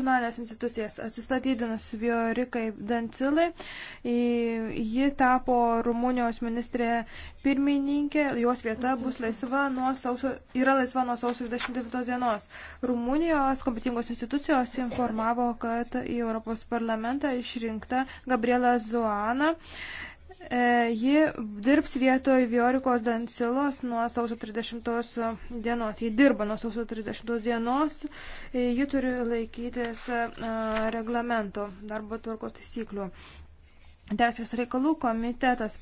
finansinės institucijas. Atsistatydinus Viorikai Dancilai, ji tapo Rumunijos ministrė pirmininkė, jos vieta bus laisva nuo sausio, yra laisva nuo sausio 29 dienos. Rumunijos kompetingos institucijos informavo, kad į Europos parlamentą išrinkta Gabriela Zoana. Uh, E, ji dirbs vietoj Viorikos Dancilos nuo sausio 30 dienos. Ji dirba nuo sausio 30 dienos. E, ji turi laikytis e, reglamento darbo tvarkos taisyklių. Teisės reikalų komitetas